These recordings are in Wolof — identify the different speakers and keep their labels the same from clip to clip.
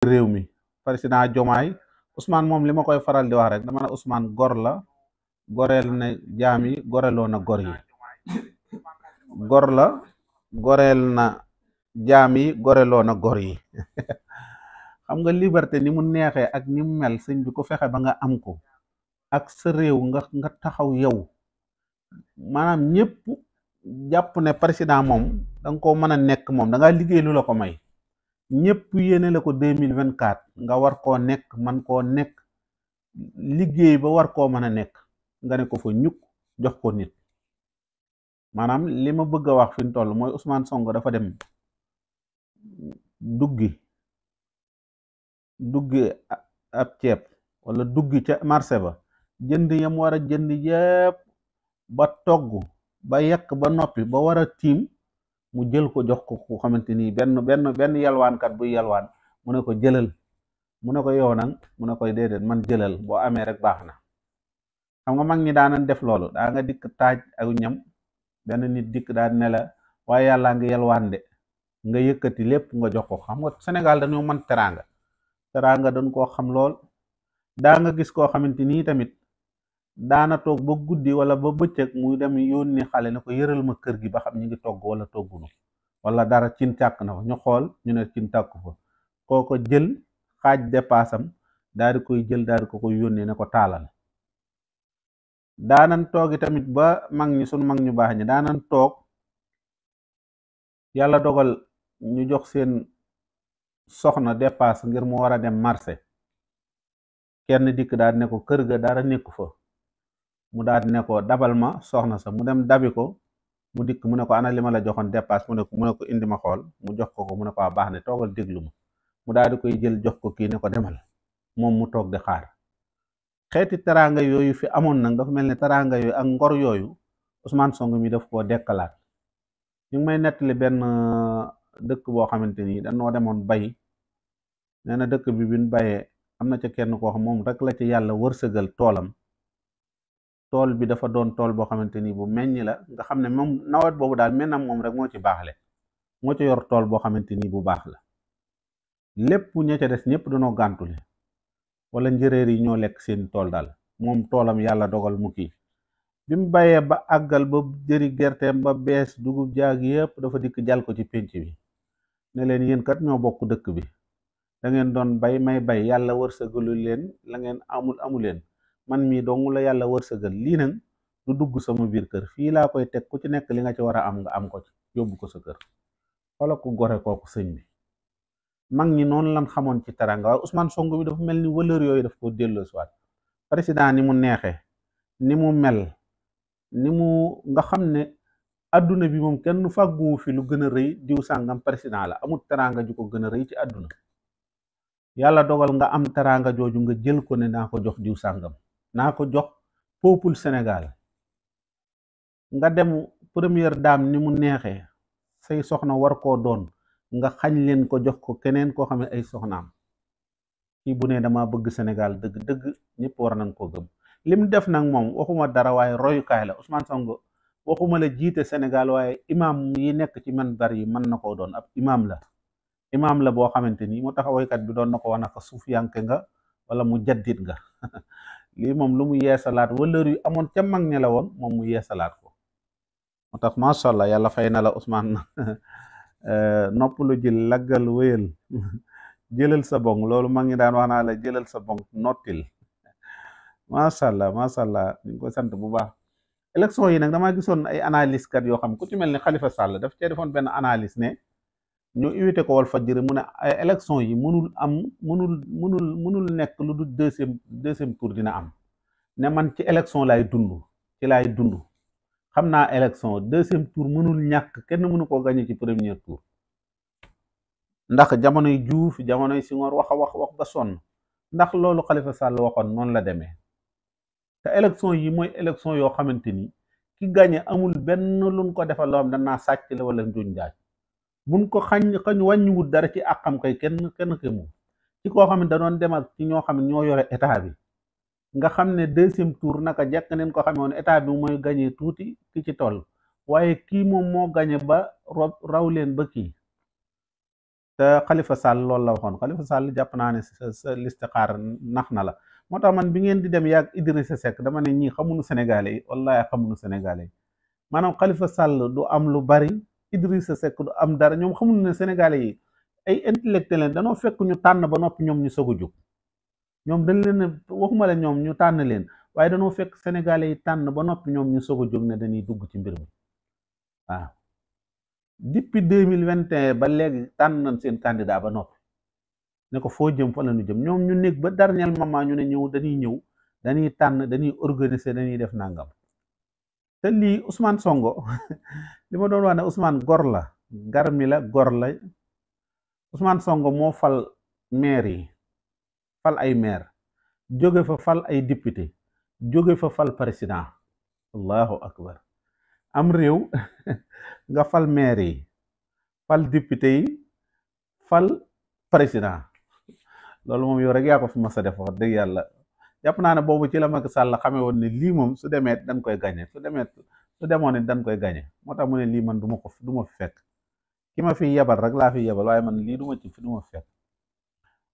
Speaker 1: réew mi président jomaay Ousmane moom li ma koy faral di wax rek dama ne gor la goreel na jaam yi goreloo na gor gor la goreel na jaam yi goreloo na gor yi xam nga liberté ni mu neexee ak ni mu mel sëñ bi ko fexe ba nga am ko ak sa réew nga nga taxaw yow maanaam ñëpp jàpp ne président moom danga ko mën a nekk moom danga liggéey lu la ko may ñëpp yéene la ko deux mille vingt quatre nga war koo nekk man koo nekk liggéey ba war koo mën a nekk nga ne ko fa ñukk jox ko nit maanaam li ma bëgg a wax fi mu toll mooy Ousmane Sonko dafa dem duggi duggi ab ceeb wala duggi ca marché ba jënd yam war a jënd yépp ba togg ba yekk ba noppi ba war a tiim mu jël ko jox ko ku xamante ni benn benn benn yalwaankat buy yalwaan mu ne ko jëlal mu ne ko yow nag mu ne koy déedéet man jëlal boo amee rek baax na xam nga mag ñi daanan def loolu daa nga dikk taaj ak ñam benn nit dikk daan ne la waaye yàllaa ngi yalwaan de nga yëkkati lépp nga jox ko xam nga Sénégal dañoo mën teraanga teraanga dañ koo xam lool daa gis koo xamante tamit daana toog ba guddi wala ba bëccëg muy dem yónni xale ne ko yëral ma kër gi ba xam ñu ngi togg wala toggunu wala dara cin càkk na fa ñu xool ñu ne cin tàkku fa ko jël xaaj dépassam daal koy jël daal ko koy yónnee ne ko taalal daanan toogi tamit ba mag ñi sunu mag ñu baax ñi daanan toog yàlla dogal ñu jox seen soxna depaas ngir mu war a dem marse kenn dikk daal ne ko kër ga dara nekku fa mu daal di ne ko dabal ma soxna sax mu dem dabi ko mu dikk mu ne ko ana li ma la joxoon dépasse mu ne ko mu indi ma xool mu jox ko ko mu ne ko waa ah, baax ne toogal déglu ma mu daal di koy jël jox ko kii ne ko demal moom mu toog di xaar xeeti teraanga yooyu fi amoon nag dafa mel ne teraanga yooyu ak ngor yooyu Ousmane Sonko mi def koo dekkalaat ñu ngi may nettali benn uh, dëkk boo xamante ni dañoo demoon bay nee na dëkk bi bin bayee am na ca kenn koo xam moom rek la ci yàlla wërsëgal toolam tool bi dafa doon tool boo xamante ni bu meññ la nga xam ne moom nawet boobu daal mennam moom rek moo ci baaxle moo ci yor tool boo xamante ni bu baax la lépp ña ca des ñëpp danoo gàntule wala njëréer yi ñoo lekk seen tool daal moom toolam yàlla dogal mu kii bi mu bayee ba àggal ba jëri gerteem ba bees dugub jaag yépp dafa dikk jal ko ci pénc bi ne leen yéen kat ñoo bokk dëkk bi da ngeen doon bay may bay yàlla wërsëgalu leen la ngeen amul amu leen man mii dong la yàlla wërsëgal lii nag du dugg sama biir kër fii laa koy teg ku ci nekk li nga ci war a am nga am ko ci yóbbu ko sa kër wala ku gore kooku sëñ bi mag ñi noonu lan xamoon ci taranga waaye Ousmane Sonko bi dafa mel ni valeur yooyu daf ko delloosiwaat président ni mu neexee ni mu mel ni mu nga xam ne adduna bi moom kenn fàgguwu fi lu gën a rëy diw sàngam président la amul taranga ju ko gën a rëy ci àdduna yàlla dogal nga am taranga jooju nga jël ko ne naa ko jox diw sàngam naa ko jox peuple Sénégal nga dem première daam ni mu neexee say soxna war koo doon nga xañ leen ko jox ko keneen koo xam ne ay soxnaam kii bu ne dama bëgg Sénégal dëgg dëgg ñëpp war nañ koo gëm lim def nag moom waxuma dara waaye royukaay la Ousmane Sonko waxuma la jiite Sénégal waaye imam yi nekk ci man bari yi mën na ko doon ab imaam la imam la boo xamante nii moo tax waykat bi doon na ko wax na suuf suufiyanke nga wala mu jaddit nga lii moom lu mu yee salaat wëllër yi amoon ca mag ña la woon moom mu salaat ko moo tax macha allah yàlla fay na la Ousmane eh, nopp lu ji laggal wéyal jëlal sa bong loolu mag ñi daan wax naa la jëlal sa bong nottil macha allah macha allah ñu ngi koy sant bu baax élection yi nag damaa gisoon ay analyse kat yoo xam ku ci mel ni Khalifa Sall daf cee defoon benn analis ne ñu invité ko Walfadjri mu ne eh, élection yi mënul am mënul mënul mënul nekk lu du deuxième deuxième tour dina am ne man ci élection laay dund ci laay dund xam naa élection deuxième tour mënul ñàkk kenn mënu ko gagné ci premier tour ndax jamonoy Diouf jamonoy Senghor wax a wax wax ba sonn ndax loolu Khalifa Sall waxoon noonu la demee te élection yi mooy élection yoo xamante ni ki gagné amul benn luñ ko defal loo xam danaa sàcc la wala njuñ jaaj buñ ko xañ xañ wàññiwut dara ci àqam kay kenn kenn ke moom ci koo xam ne da doon dem ci ñoo xam ne ñoo yore état bi nga xam ne deuxième tour naka jekk neen ko xamoon état bi mooy gañe tuuti ki ci toll waaye kii moom moo gañe ba raw leen ba kii te Khalifa Sall loolu la waxoon Khalifa Sall jàpp naa ne sa listixaar nax na la moo tax man bi ngeen di dem yàgg sa Seck dama ne ñii xamuñu Sénégalais yi wallaahi xamuñu Sénégalais yi maanaam Khalifa Sall du am lu bari sa Seck du am dara ñoom xamul na sénégalais yi ay intellectuel leen danoo fekk ñu tànn ba noppi ñoom ñu soog a jóg ñoom dañ leen waxuma la ñoom ñu tànn leen waaye danoo fekk sénégalais yi tànn ba noppi ñoom ñu soog a jóg ne dañuy dugg ci mbir mi waaw depuis deux mille vingt et ba léegi tànn nañ seen candidat ba noppi ne ko foo jëm fa la ñu jëm ñoom ñu néeg ba dar dernier moment ñu ne ñëw dañuy ñëw dañuy tànn dañuy organiser dañuy def nangam. te lii Ousmane songo li ma doon wax ne Ousmane gor la garmi la gor la Ousmane songo moo fal maire yi fal ay maire jóge fa fal ay député jóge fa fal président allahu akbar am réew nga fal maire yi fal député yi fal président loolu moom yow rek yaa ko fi mas a def wax dëgg yàlla jàpp naa ne boobu ci la Macky Sall xamee woon ne lii moom su demee dañ koy gañe su demee su demoon ne dañ koy gañe moo tax mu ne lii man duma ko du ma fi fekk ki ma fi yebal rek laa fi yebal waaye man lii duma ma ci fi du ma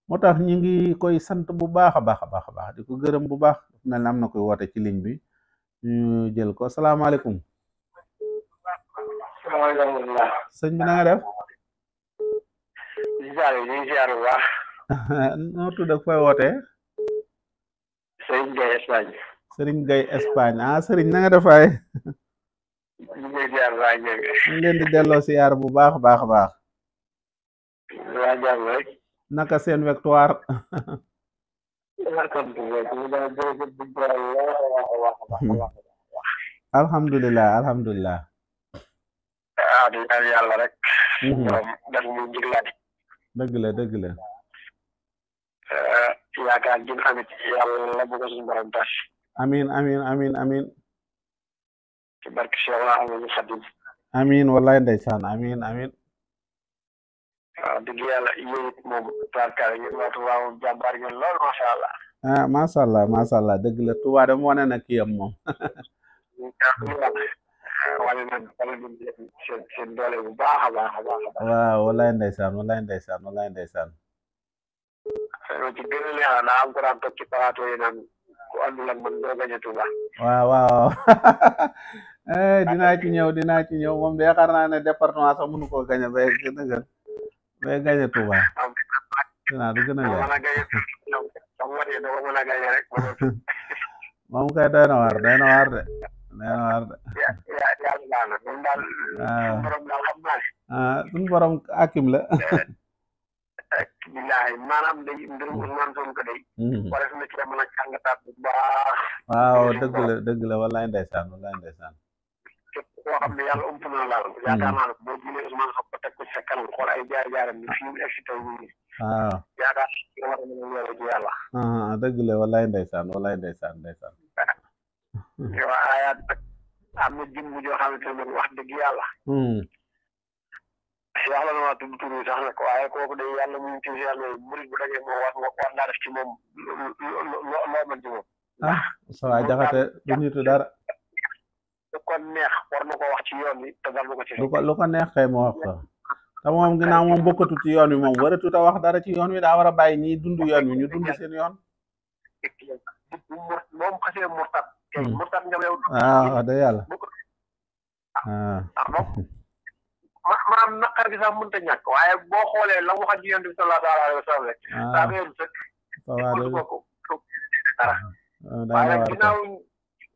Speaker 1: moo tax ñu ngi koy sant bu baax a baax a baax a baax di ko gërëm bu baax mel na am na koy woote ci ligne bi ñu jël ko salaamaaleykum. sëñ bi na nga def. noo tudd ak fooy
Speaker 2: Serigne Gueye Espagne.
Speaker 1: Serigne Gueye Espagne ah Serigne na nga defaay.
Speaker 2: ñu ngi ziar di
Speaker 1: delloo ziar bu baax a baax a baax.
Speaker 2: waa jàmm rek.
Speaker 1: naka seen victoire. alhamdulilah alhamdulilah. ah di
Speaker 2: yaakaar jëm amit yàlla bu ko suñu borom tas
Speaker 1: amin amin amin amin
Speaker 2: ci barke Cheikh waa amin Xadim
Speaker 1: amin wallahi ndeysaan amin amin
Speaker 2: waaw dëgg yàlla yéen it moom tarkar yéen waa Tuubaa moom jàmbaar ngeen lool macha allah
Speaker 1: ah macha allah macha allah dëgg la Tuubaa dama wane na kiyam moom
Speaker 2: wane na seen seen doole bu baax a baax a baax
Speaker 1: waaw wallahi ndeysaan wallahi ndeysaan wallahi ndeysaan
Speaker 2: lu ci gën a
Speaker 1: waaw waaw eh, dinaa ci ñëw dinaa ci ñëw moom de yaakaar naa ne département sax mënu koo gañ a bay gën a gën bay gañ moom kay doy na waar doy de. doy na de. waaw. Ah. Ah, suñu borom akim la. Eh.
Speaker 2: billahi maanaam day mbirum Ousmane Sonko day mm-hmm. wala su na ci mën a jàngataat bu baax
Speaker 1: waaw dëgg la dëgg la wallaay ndeysaan wallaay ndeysaan
Speaker 2: képp koo xam ne yàlla ëmp na laal mm-hmm. yaakaar naa ne boo jëlee Ousmane xam ko teg ko ci sa kanam xool ay jaar-jaaram ni fi mu egsi tey nii waaw yaakaar naa war a mën a yore ci yàlla
Speaker 1: uh-huh, dëgg la wallaay ndeysaan wallaay ndeysaan ndeysaan yow ayaat nag
Speaker 2: am na jëmm joo xamante ne wax dëgg yàlla
Speaker 1: mm-hmm. wax la ma tudd tur waaye kooku de yàlla
Speaker 2: muy ci yàlla murid bu dajee moom war war naa def ci moom loo loo mën ci moom.
Speaker 1: ah sa waay dara.
Speaker 2: ko wax ci yoon wi te dal ko ci. lu ko
Speaker 1: lu ko neex kay moo wax ko te moom ginnaaw moom bokkatu ci yoon wi moom waratu ta wax dara ci yoon wi daa war a bàyyi ñiy dund yoon wi ñu dund seen yoon. moom xasee murtat. Hmm. Ah, yàlla. ah. ah
Speaker 2: maanaam naqar gi sax mënut a ñàkk waaye boo xoolee la wax ak yonent bi sallallahu alayhi wa sallam rek. waaw saa weeru
Speaker 1: sëkk. waaye nag ginnaaw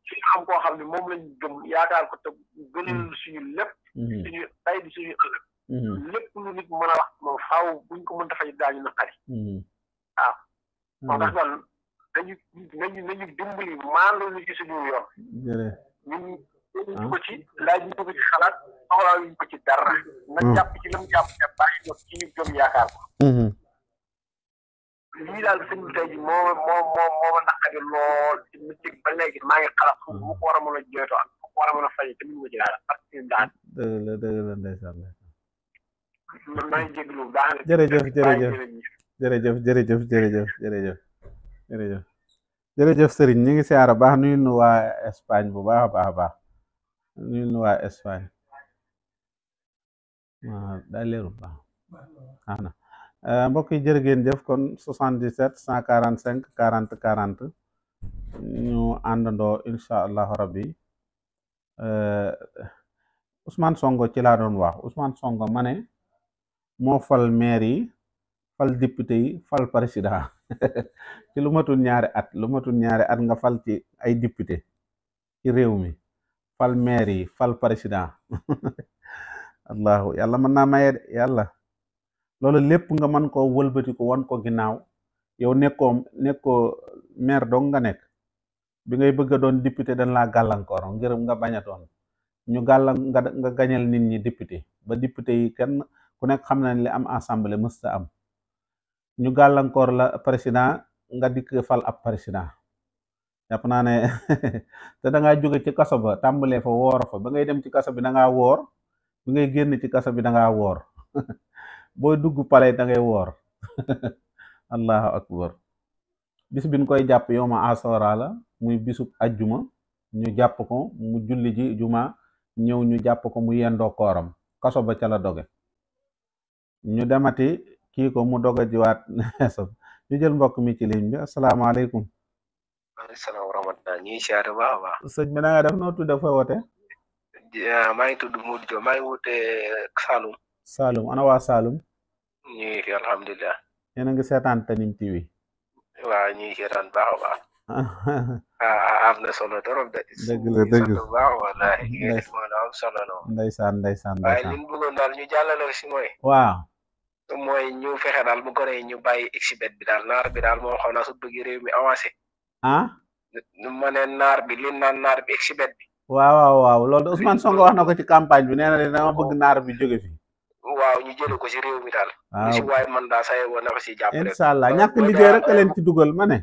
Speaker 2: suñu am koo xam ne moom lañ gëm yaakaar ko te gënal mm. suñu lépp. Mm-hmm. suñu tay di mm-hmm. lépp lu nit mën a wax moom faaw buñ ko mënta faj daañu naqari. Mm-hmm. waaw. moo tax daal nañu nañu nañu dimbali maandu ñu ci suñu yoon. ñu ko ci laaj ñu ko ci xalaat soxlaa ñu ko ci dara. na jàpp ci li mu jàpp te bàyyi ñoom ci ñu jom yaakaar ko. lii
Speaker 1: daal sëñ bi tey jii moo moo moo moo ma naqari lool ci mystique ba léegi maa ngi xalaat fu mu ko war a mën a jooytoo ak fu ko war a mën a fajee te mënu ko ci dara parce que daal. dëgg la dëgg la ndeysaan
Speaker 2: man maa ngi jégalu baax na. jërëjëf jërëjëf
Speaker 1: jërëjëf jërëjëf jërëjëf jërëjëf jërëjëf jërëjëf sëriñ ñu ngi siyaara baax nuyu nu waa Espagne bu baax a baax a baax. ñun waa Espagne waaw daa leeru baax ana euh, mbokk yi jërë ngeen jëf kon 77 145 40 40 ñu àndandoo incha allahu rabbi euh, Ousmane Sonko ci laa doon wax Ousmane Sonko ma ne moo fal maire yi fal yi fal président ci lu ñaari at lu matul ñaari at nga fal ci ay député ci réew mi fal maire yi fal président allahu yàlla mën naa maye de yàlla loolu lépp nga mën koo wëlbatiku wan ko ginnaaw yow nekkoo nekkoo maire dong nga nekk bi ngay bëgg doon député dañ laa gàllankoor ngir nga bañ a doon ñu gàllan nga nga nit ñi député ba député yi kenn ku nekk xam na li am assemblée mësta am ñu gàllankoor la président nga dikk fal ab président jàpp naa ne te danga ngaa jóge ci kaso ba tàmbalee fa woor fa ba ngay dem ci kaso bi da woor bi ngay génn ci kaso bi danga woor booy dugg pale dangay woor allahu akbar bis koy jàpp yow ma muy bisub ajjuma ñu jàpp ko mu julli ji juma ñëw ñu jàpp ko mu yendoo kooram kaso ba ca la doge ñu demati kii mu doge jiwaat ñu jël mbokk mi ci ligne bi asalaamaaleykum
Speaker 2: assalaamu rahmatulah ñuy siyaare bu baax a baax.
Speaker 1: sëñ bi na nga def noo tudd fooy woote.
Speaker 2: maa ngi tudd Modou Diop maa ngi woote Saloum.
Speaker 1: Saloum ana waa Saloum.
Speaker 2: ñu ngi fi alhamdulilah.
Speaker 1: yéen a ngi seetaan Tanime TV.
Speaker 2: waaw ñu ngi seetaan baax a baax. Ah, ah, solo trop de. dëgg la dëgg la baax wallaahi. am solo noonu. ndeysaan
Speaker 1: ndeysaan ndeysaan
Speaker 2: daal ñu jàllale si mooy. mooy ñu fexe daal bu gone ñu bàyyi exibet bi daal naar bi daal moo xam naa su bëgg mi avancé. ah. ma ne naar bi li naan naar bi si bet bi.
Speaker 1: waaw lool waaw loolu de Ousmane wax na ko ci campagne bi nee na dama bëgg naar bi jóge fi.
Speaker 2: waaw ñu jëlee ko si réew mi daal. waaw si waaye man daa say woon na ko si jàppale.
Speaker 1: incha rek a leen ci dugal ma ne.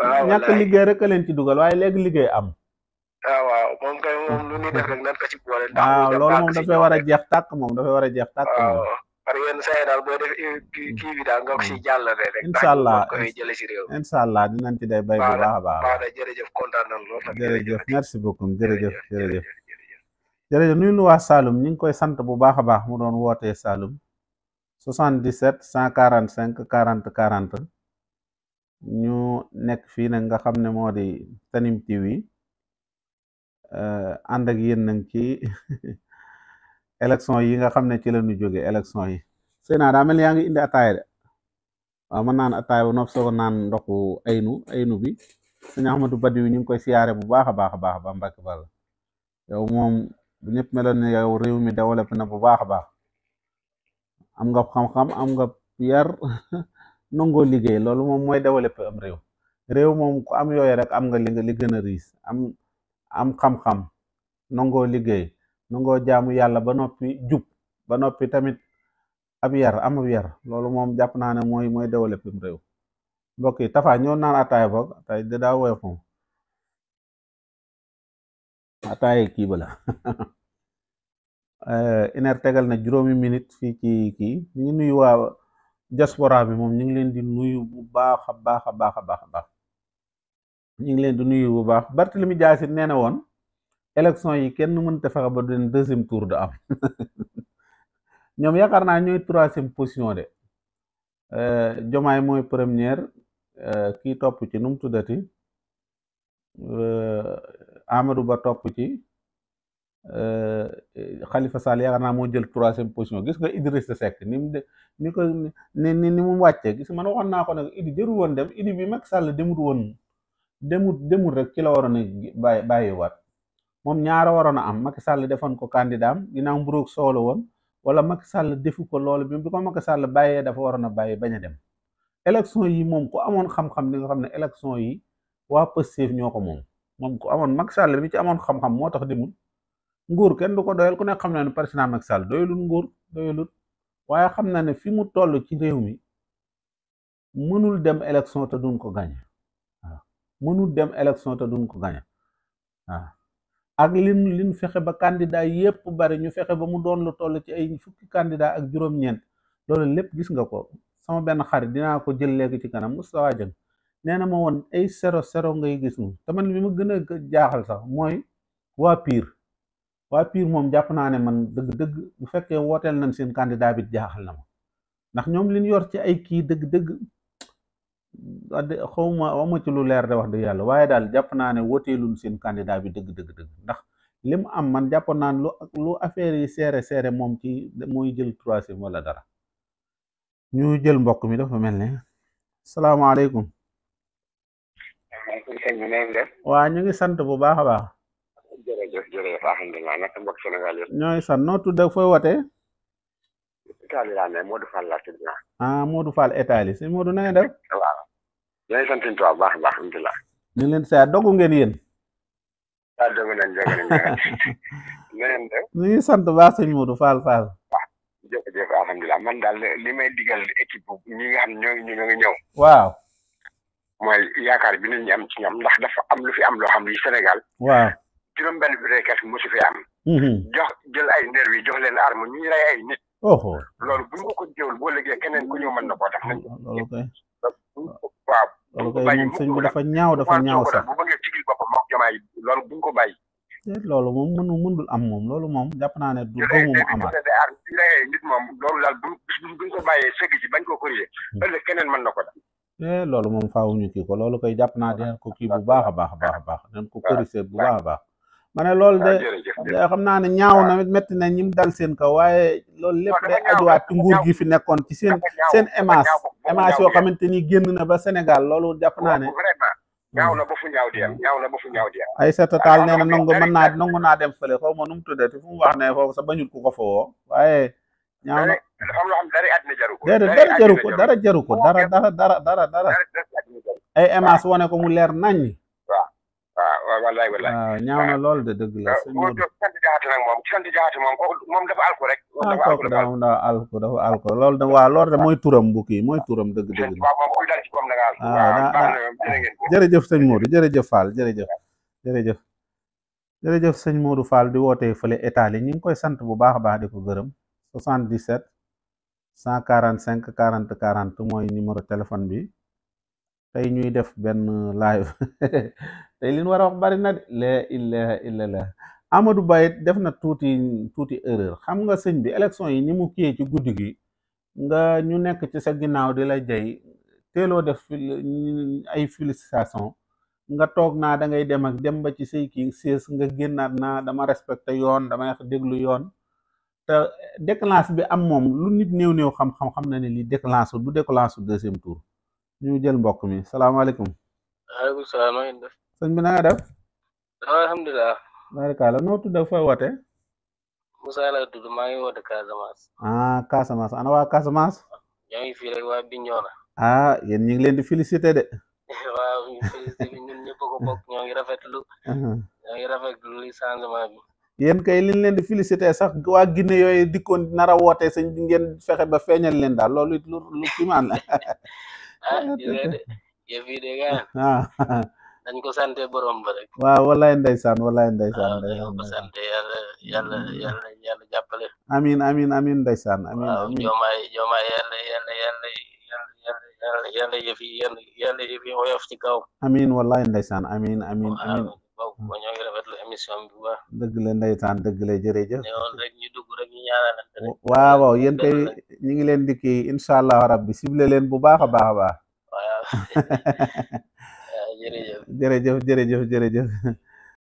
Speaker 2: waaw liggéey
Speaker 1: rek a leen ci dugal waaye léegi liggéey am. waaw moom kay moom lu ñuy ko ci boole. ndax waaw loolu war a jeex tàkk moom dafay war a jeex tàkk moom. par yenn saa yi mm. allah ko jële si ci day bay bu baax a baax. waaw
Speaker 2: jërëjëf kontaan nañ lool. jërëjëf
Speaker 1: merci beaucoup jërëjëf jërëjëf. jërëjëf nuyu nu waa Saloum ñu ngi koy sant bu baax a baax mu doon wootee Saloum 77 145 40 40 ñu nekk fii nag nga xam ne moo di Tanime TV euh, ànd ak yéen nag ci. élection yi nga xam ne ci la ñu jóge élection yi Sénat daa mel yaa ngi indi ataaya de waaw ma naan ataaya ba nopp soo naan ndoxu aynu aynu bi sëñ Ahmadou Badiou ñu ngi koy siyaare bu baax a baax a baax ba Mbàkke Bal yow moom bu ñëpp mi développé na bu baax a baax am nga xam am nga yar nangoo liggéey loolu moom mooy développé am réew réew moom ku am yooyu rek am nga li li riis am am xam-xam nangoo liggéey nangoo jaamu yàlla ba noppi jub ba noppi tamit ab yar am ab yar loolu moom jàpp naa ne mooy mooy développé réew mbokk yi tafaa ñëw naan ataaya boog ataaya da daa woyof moom ataaya kii bala eh, ineer tegal na juróomi minute fii ci kii mu ngi nuyu waa diaspora bi moom ñu ngi leen di nuyu bu baax a baax a baax a baax a ñu ngi leen di nuyu bu baax Barthélemy Dias nee na woon élection yi kenn mënta fexe ba den leen deuxième tour da am ñoom yaakaar naa ñooy troisième position de jomaay euh, mooy première euh, kii topp ci nu mu tuddati euh, Amadou Ba topp ci Khalifa Sall yaakaar naa moo jël troisième position gis nga Idrissa Seck ni mu de ni ko ni ni ni mu wàccee gis man waxoon naa ko ne Idi jërul woon dem Idi bi Macky Sall demut woon demut demut rek ci la waroon a bàyyi bàyyiwaat. moom ñaara waroon a am Macky sàll defoon ko candidat am ginnaaw mburoog soolo woon wala Macky sàll defu ko loolu bi bi ko Macky Sall bàyyee dafa waroon a bàyyi bañ a dem élection yi moom ku amoon xam-xam li nga xam ne élection yi waa Pastef ñoo ko moom moom ku amoon Macky Sall bi ci amoon xam-xam moo tax demul nguur kenn du ko doyal ku ne xam na ne président Macky Sall doyalul nguur doyalul waaye xam na ne fi mu toll ci réew mi mënul dem élection te duñ ko gañe ak lin lin fexe ba candidat yépp bari ñu fexe ba mu doon lu toll ci ay fukki candidat ak juróom-ñeent loolu lépp gis nga ko sama benn xarit dinaa ko jël léegi ci kanam Moustapha Dieng nee na ma woon ay sero sero ngay gis moom te man li ma gën a jaaxal sax mooy waa piir waa piir moom jàpp naa ne man dëgg-dëgg bu fekkee wooteel nañ seen candidat bi jaaxal na ma ndax ñoom liñ yor ci ay kii dëgg-dëgg xawma ama ci lu leer de wax dëgg yàlla waaye daal jàpp naane ne woteelun seen candidat bi dëgg dëgg ndax li am man jàpp naa ne lu lu affaire yi seere seere moom ci muy jël troisième wala dara ñu jël mbokk mi dafa mel ne salaamaaleykum waa ñu ngi sant bu baax a baax
Speaker 2: jërëjëf jërëjëf alhamdulilah naka
Speaker 1: ñooy sant noo tudd ak fooy wote
Speaker 2: Italie laa ne Modou
Speaker 1: ah, si Modou na nga def
Speaker 2: ñooy sant Tuubaa baax baax alhamdulilah.
Speaker 1: ñu ngi leen saa dogu ngeen yéen.
Speaker 2: waaw ah, dogu nañ dogu nañ. leneen de.
Speaker 1: ñu ngi sant baax sëñ Modou Fall
Speaker 2: man daal li may digal équipe bu nga xam ñoo ngi ñu ñëw. waaw. mooy yaakaar bi nit ñi am ci ndax dafa am lu fi am loo xam ni Sénégal. waaw juróom benn bi rek mosu fi am. Mm-hmm. jox jël ay nerf yi jox leen arme ñu rey oh, oh. loolu bu boo liggéey keneen ku ñëw mën na koo
Speaker 1: def. Oh,
Speaker 2: waaw loolu kay moom sëñ bu dafa
Speaker 1: ñaaw dafa ñaaw sax bu
Speaker 2: bëggee sigil boppam mook jomaay loolu buñ ko bàyyi
Speaker 1: loolu moom mënu mënul am moom loolu moom jàpp naa ne du doomu mu moom
Speaker 2: loolu daal bu buñ ko bañ ko corrigé hmm. ëllëg keneen mën na ko
Speaker 1: loolu moom faaw ñu kii ko loolu koy jàpp naa dinañ ko kii bu baax a baax baax a baax dinañ ko corrigé bu baax baax ma ne loolu de ah, xam naa ne ñaaw ah. na métti na ñim dal seen kaw waaye loolu lépp ah, day ajuwaat ci nguur gi fi nekkoon ci seen seen émence émence yoo xamante ni génn na ba Sénégal loolu jàpp naa ne hmm. ñaaw na ba fu ñaaw di na ba ay sa total nee na mën naa nangu naa dem fële xaw ma nu mu tuddati fu wax ne foofu sax bañul ku ko fa woo waaye ñaaw na
Speaker 2: dafa dara jaru ko dara jaru ko dara jaru dara dara ay émence
Speaker 1: wane ko mu leer nañ
Speaker 2: Ah, waaw wallaay ah,
Speaker 1: lool de dëgg la. waaw sant
Speaker 2: sant jaata moom moom dafa alko rek.
Speaker 1: Ah, dafa dafa alko dafa alko loolu de waaw loolu de mooy turam bu kii mooy turam dëgg dëgg. waaw jërëjëf sëñ Modou jërëjëf Fall jërëjëf. jërëjëf jërëjëf sëñ Modou Fall di wootee fële Italie ñu ngi koy sant bu baax a baax di ko gërëm 77 145 40 40 mooy numéro téléphone bi. tey ñuy def benn live tey li ñu wax bari na de la ilaha illallah Amadou Ba it def na tuuti tuuti erreur xam nga sëñ bi élection yi ni mu kiyee ci guddi gi nga ñu nekk ci sa ginnaaw di la jay teeloo def ay félicitation nga toog naa da ngay dem ak dem ba ci say kii sees nga génnaat naa dama respecté yoon damay déglu yoon te déclenche bi am moom lu nit néew néew xam-xam na ne lii déclenche du déclenche deuxième tour ñu jël mbokk mi salaamaaleykum.
Speaker 2: waaleykum salaam maa ngi def. sëñ bi na nga def. Ah, alhamdulilah.
Speaker 1: barikaala noo tudd ak fooy maa ngi woote ah, Casamance. ana waa Casamance.
Speaker 2: ñoo ngi fii waa Bignona.
Speaker 1: ah yéen ñu ngi leen di félicité de.
Speaker 2: waaw ñu félicité ñun ñëpp ngi rafetlu. Uh-huh. ñoo changement
Speaker 1: bi. kay liñ leen di félicité sax waa Guinée yooyu dikkoon nar a woote sëñ bi ngeen fexe ba feeñal leen daal loolu lu lu
Speaker 2: ah yëfi de ga dañ ko sante borom ba rek
Speaker 1: waaw wallaay ndeysaan wallaay ndeysaan ko sante
Speaker 2: yàlla yàlla yàlla yàlla
Speaker 1: jàppale amin amin amin ndeysaan amin amin joomaay
Speaker 2: joomaay yàlla yàlla yàlla yàlla yàlla yëfi yàlla yëfi woyof ci kaw
Speaker 1: amin wallaay ndeysaan amin amin amin
Speaker 2: ba hmm. ñoo ngi rafetlu émission bi bu baax.
Speaker 1: dëgg la ndeysaan dëgg la jërëjëf. ñu ngi leen di kii incha allah rabbi ciblé leen bu baax a baax a baax. waaw jërëjëf jërëjëf.